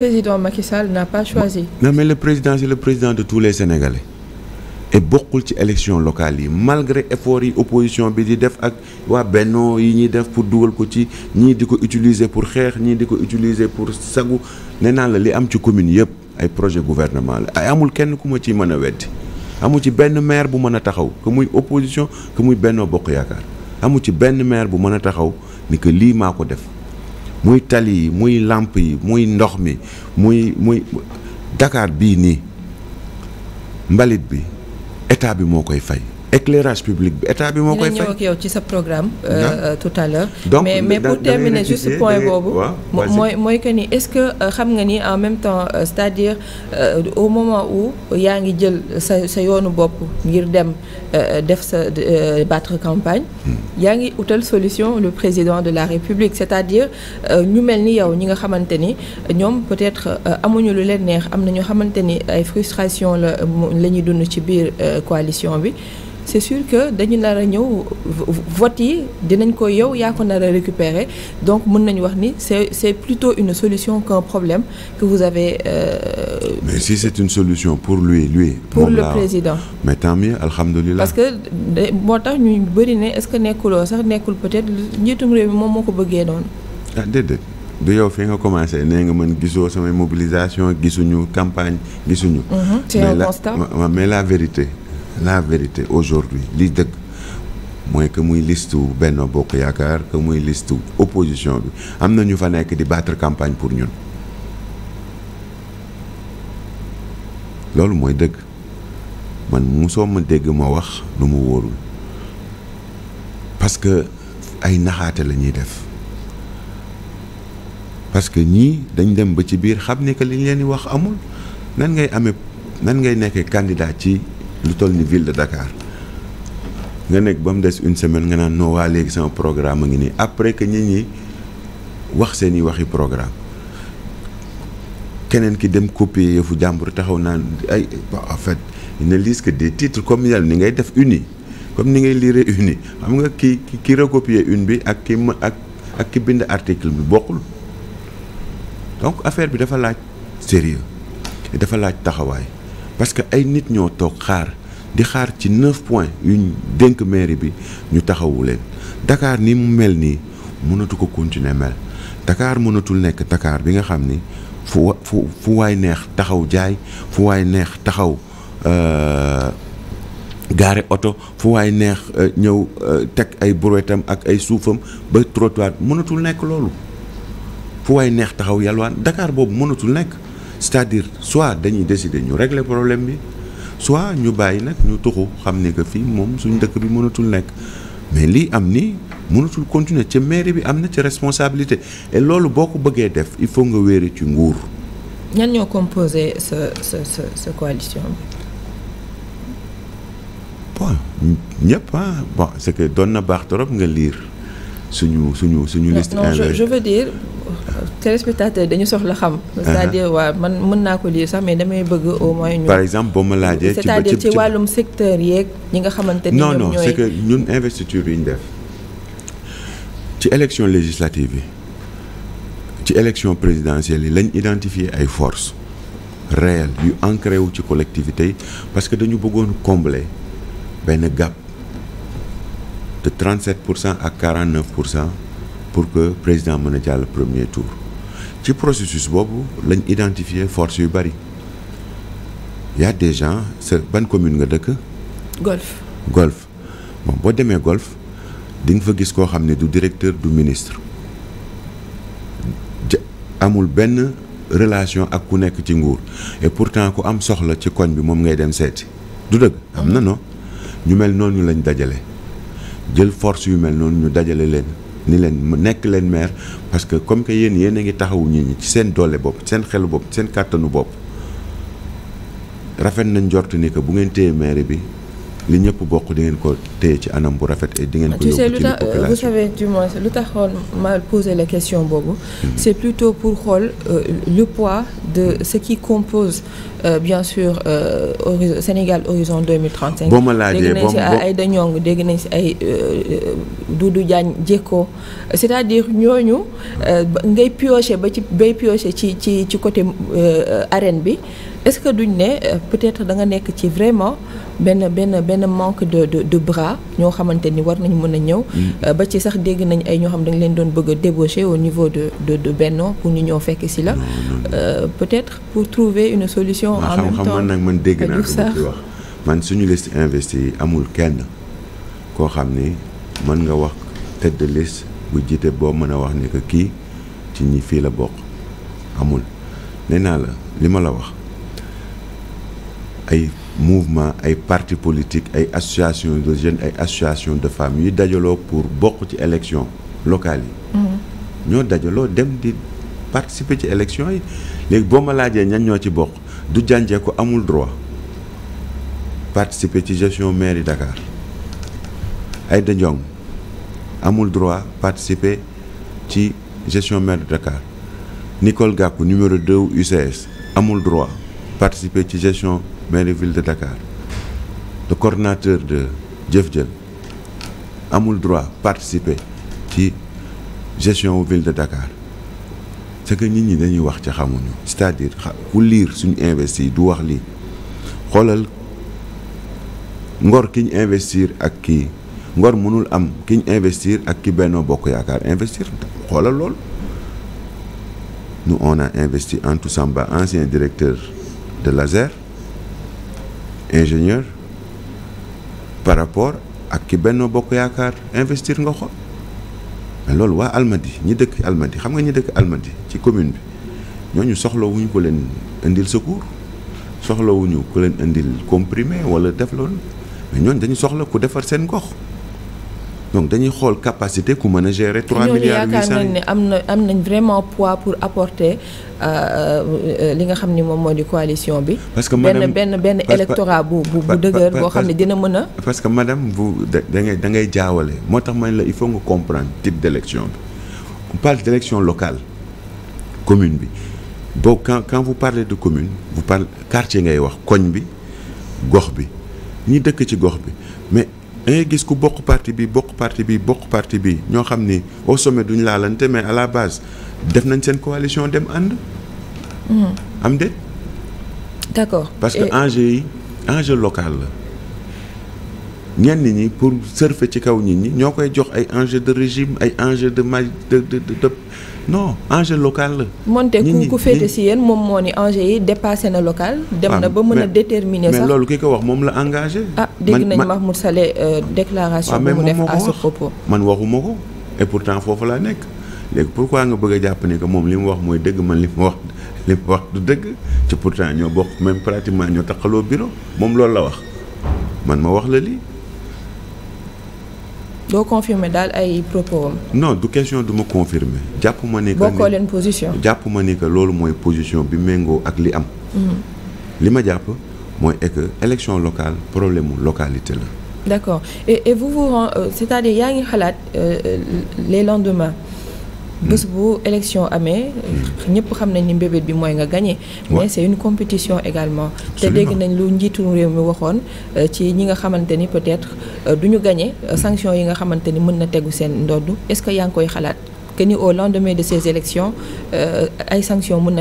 Le président Macky Sall n'a pas choisi. non mais le président c'est le président de tous les Sénégalais et bokkul ci élection locale yi malgré effort yi opposition bi di def ak waa Benno yi ñuy def pour dugal ko ci ñii di ko utiliser pour xeex ñii di ko utiliser pour sagu nee naa la li am ci commune yëpp ay projet gouvernement la ay amul kenn ku ma ciy mën a weddi amul ci benn maire bu mën a taxaw que muy opposition que muy Benno Bokk Yaakaar amul ci benn maire bu mën a taxaw n lii maa ko def. muy tali yi muy làmp yi muy ndox mi muy muy dakaar bii nii mbalit bi état bi moo koy fay éclairage public bi état bi moo koy fay. ñëw ci sa programme. Euh, tout à l'heure mais mais pour terminer point boobu. mooy que ni est-ce que euh, xam nga ni en même temps euh, cest à au moment où yaa ngi jël sa sa yoonu bopp ngir dem def sa battre campagne. Hmm. yaa ngi utal solution le président de la République c'est-à-dire ñu mel ni yow ñi nga xamante ni ñoom peut-être amuñu lu leen neex am na ñoo xamante ni ay frustration la la ñuy dund ci biir coalition bi. c'est sûr que dañu nar a ñëw vote yi dinañ ko yow yaa ko nar a récupérer donc mën nañu wax ni c'est c'est plutôt une solution qu'un problème que vous avez. Euh, mais si c'est une solution pour lui lui. pour le président mais tant mieux alhamdulilah. parce que moo tax ñu bëri ne est-ce que nekkuloo sax nekkul peut-être njiitum réew moom moo ko bëggee noonu. ah déedéet. du yow fi nga commencé nee nga mën gisoo samay mobilisation gisuñu campagne gisuñu. Mhm, c'est un constat mais la mais la vérité la vérité aujourd'hui li dëgg mooy que muy liste wu Benno Bokk Yaakaar que muy liste opposition bi am na ñu fa nekk di battre campagne pour ñun loolu mooy dëgg man mosoo ma dégg ma wax lu mu wóorul parce que ay naxaate la ñuy def parce que ñii dañ dem ba ci biir xam ne que liñ leen di wax amul nan ngay ame nan ngay nekkee candidat ci lu toll ni ville de Dakar nga nekk ba mu des une semaine nga naan noo waa léegi sama programme a ngi nii après que nit ñi wax seen i waxi programme keneen ki dem copier yëfu jàmbur taxaw naan ay en fait ne lise que des titres comme yàlla ni ngay def uni comme ni ngay lire uni xam nga ki ki recopier une bi ak ki ma ak ak ki bind article bi bokkul donc affaire bi dafa laaj sérieux dafa laaj taxawaay parce que ay nit ñoo toog xaar di xaar ci neuf point yuñ dénk mairie bi ñu taxawu dakaar ni mu mel nii mënatu ko continuer mel Dakar mënatul nekk Dakar bi nga xam ni fu fu waay neex taxaw jaay fu waay neex taxaw euh, gaari oto fu waay neex euh, ñëw euh, teg ay brouettam ak ay suufam ba trottoir mënatul nekk loolu fu waay neex taxaw yalwaan dakaar boobu mënatul nekk c'est-à-dire soit dañuy décider ñu régler problème bi soit ñu bàyyi nag ñu tuxu xam ne que fii moom suñu dëkk bi mënatul nekk mais lii am ni mënatul continuer ci mairie bi am na ci responsabilité et loolu boo ko bëggee def il faut nga wéeri ci nguur. ñan ñoo composé sa sa sa sa coalition bi. bon ñëpp ah bon doon na baax trop nga liir suñu suñu suñu liste. non téléspectateur dañu soxla xam. cest waa man mën naa ko lii sax mais damay bëgg au moins. ñu par exemple boo ma laajee. ci cest ci wàllum secteur yeeg ñi nga xamante ni ñoom ñooy non non c'est ñun investiture yi ñu def ci élection législative yi ci élection présidentielle yi lañ identifier ay forces réelles yu ancré wu ci collectivité yi parce que dañu bëggoon combler benn gap de 37 pour cent ak 49 pour cent. pour que président mën a jàll premier tour ci processus boobu lañ identifier force yu bëri y a des gens sa ban commune nga dëkk. golf moom boo demee golf di nga fa gis koo xam ne du directeur du ministre amul benn relation ak ku nekk ci nguur et pourtant ku am soxla ci koñ bi moom ngay dem seeti du dëgg am na non ñu mel noonu lañ dajale jël force yu mel noonu ñu dajale leen. ni leen mu nekk leen maire parce que comme que yéen yéen a ngi taxawuñu nit ci seen doole bopp seen xelu bopp seen kàttanu bopp rafet nañ njort ni que bu ngeen téye maire bi li ñëpp bokk di ngeen ko téye ci anam bu rafet et di ngeen ko yóbbu ci euh, population tu lu taxoon ma poser la question boobu. Mm-hmm. c'est plutôt pour xool euh, le poids de ce qui compose euh, bien sûr horizon Sénégal horizon 2035. boo ma laajee boo dégg nañ si ay da Niong dégg nañ si ay Doudou Diagne Diécko c'est-à-dire ñooñu ngay piocher ba ci bay piocher ci ci ci côté arène bi. est-ce que duñ ne euh, peut-être danga nekk ci vraiment benn benn benn manque de de de bras ñoo xamante ni war nañ mën a ñëw. Mm. Euh, ba ci sax dégg nañ ay ñoo xam dañ leen doon bëgg a débaucher au niveau de de de Benno pour ñu ñëw fekk si la. Euh, peut-être pour trouver une solution. en même temps xam man dégg naa wax man suñu liste investi yi amul kenn koo xam ni mën nga wax tête de bu jiite boo mën a wax ni que kii ci ñi fii la bokk amul nee naa la li ma la wax. ay mouvement ay parti politique ay association de jeunes ay association de femmes yi dajaloo pour bokk ci élection locale yi mhm. ñoo dajaloo dem di participer ci élection yi léegi boo ma laajee ñan ñoo ci bokk du jànjee ko amul droit participer ci gestion mairie Dakar Aïda Ndiong amul droit participer ci gestion maire Dakar Nicole Gakou numéro 2 UCS amul droit participer ci gestion mairie ville de Dakar le coordonnateur de Jëf Jël amul droit participer ci gestion ville de Dakar c'est que nit ñi dañuy wax ci xamuñu c'est-à-dire ku liir suñu investi du wax lii xoolal ngor ki investir ak kii ngor mënul am ki investir ak ki Benno Bokk Yaakaar investir xoolal lool nous on a investi en Toussamba ancien directeur de laser ingénieur par rapport ak ki Benno Bokk Yaakaar investir nga xool mais loolu waa Almadi ñi dëkk Almadi xam nga ñi dëkk Almadi ci commune bi ñooñu soxlawuñu ko leen indil secours soxlawuñu ko leen indil comprimé wala def loolu mais ñooñu dañu soxla ku defar seen gox. donc dañuy xool capacité ku mën a gérer. 3 milliards 800 ñooñu yaakaar nañ ne am na am nañ vraiment poids pour apporter euh, euh, li nga xam ni moom moo di coalition bi. parce que madame benn benn benn électorat bu dëgër boo xam ne gën a mën a. parce que madame vous da ngay da ngay jaawale moo tax man la il faut nga comprendre type d' élection bi on parle d' locale commune bi boo quand quand vous parlez de commune vous parlez quartier ngay wax koñ bi gox bi ñu dëkk ci gox bi mais. da gis ku bokk parti bi bokk parti bi bokk parti bi ñoo xam ni au sommet duñu laalante mais à la base def nañ seen coalition dem ànd. Hmm. am déet. d'accord parce que enjeu yi enjeu local la. ñenn ñi pour surfer ci kaw nit ñi ñoo koy jox ay enjeu de régime ay enjeu de mal de de de non enjeu local la. moonte ku ku féete si yéen moom moo ni enjeu yi dépassé na local. dem na ba mën a déterminer sax loolu ki ko wax moom la engagé. ah dégg nañ Mahmoud Saleh euh, déclaration. bu mu def à ce propos man waxuma ko pourtant foofu laa nekk. léegi pourquoi nga bëgg a jàpp ni que moom li mu wax mooy dëgg man li mu wax li wax du dëgg ci pourtant bokk même pratiquement ñoo taqaloo bureau moom loolu la wax man ma wax la lii. doo confirmer daal ay propos am. non du question du ma confirmer jàpp ma ni que bokkoo leen position. jàpp ma ni que loolu mooy position bi méngoo ak li am. Mm-hmm. li ma jàpp mooy est que élection locale problème mu localité la. d'accord et et vous vous euh, c'est-à-dire yaa ngi xalaat euh, euh, les lendemains. bés bu élection amee ñëpp xam nañ ni mbébét bi mooy nga gagné mais c'est une compétition également te dégg nañ lu njiitu réew mi waxoon euh, ci ñi nga xamante ni peut-être euh, du ñu gagné euh, sanction yi nga xamante ni mën na tegu seen ndodd est-ce que yaa ngi koy xalaat que ni au lendemain de ces élections ay sanctions mën na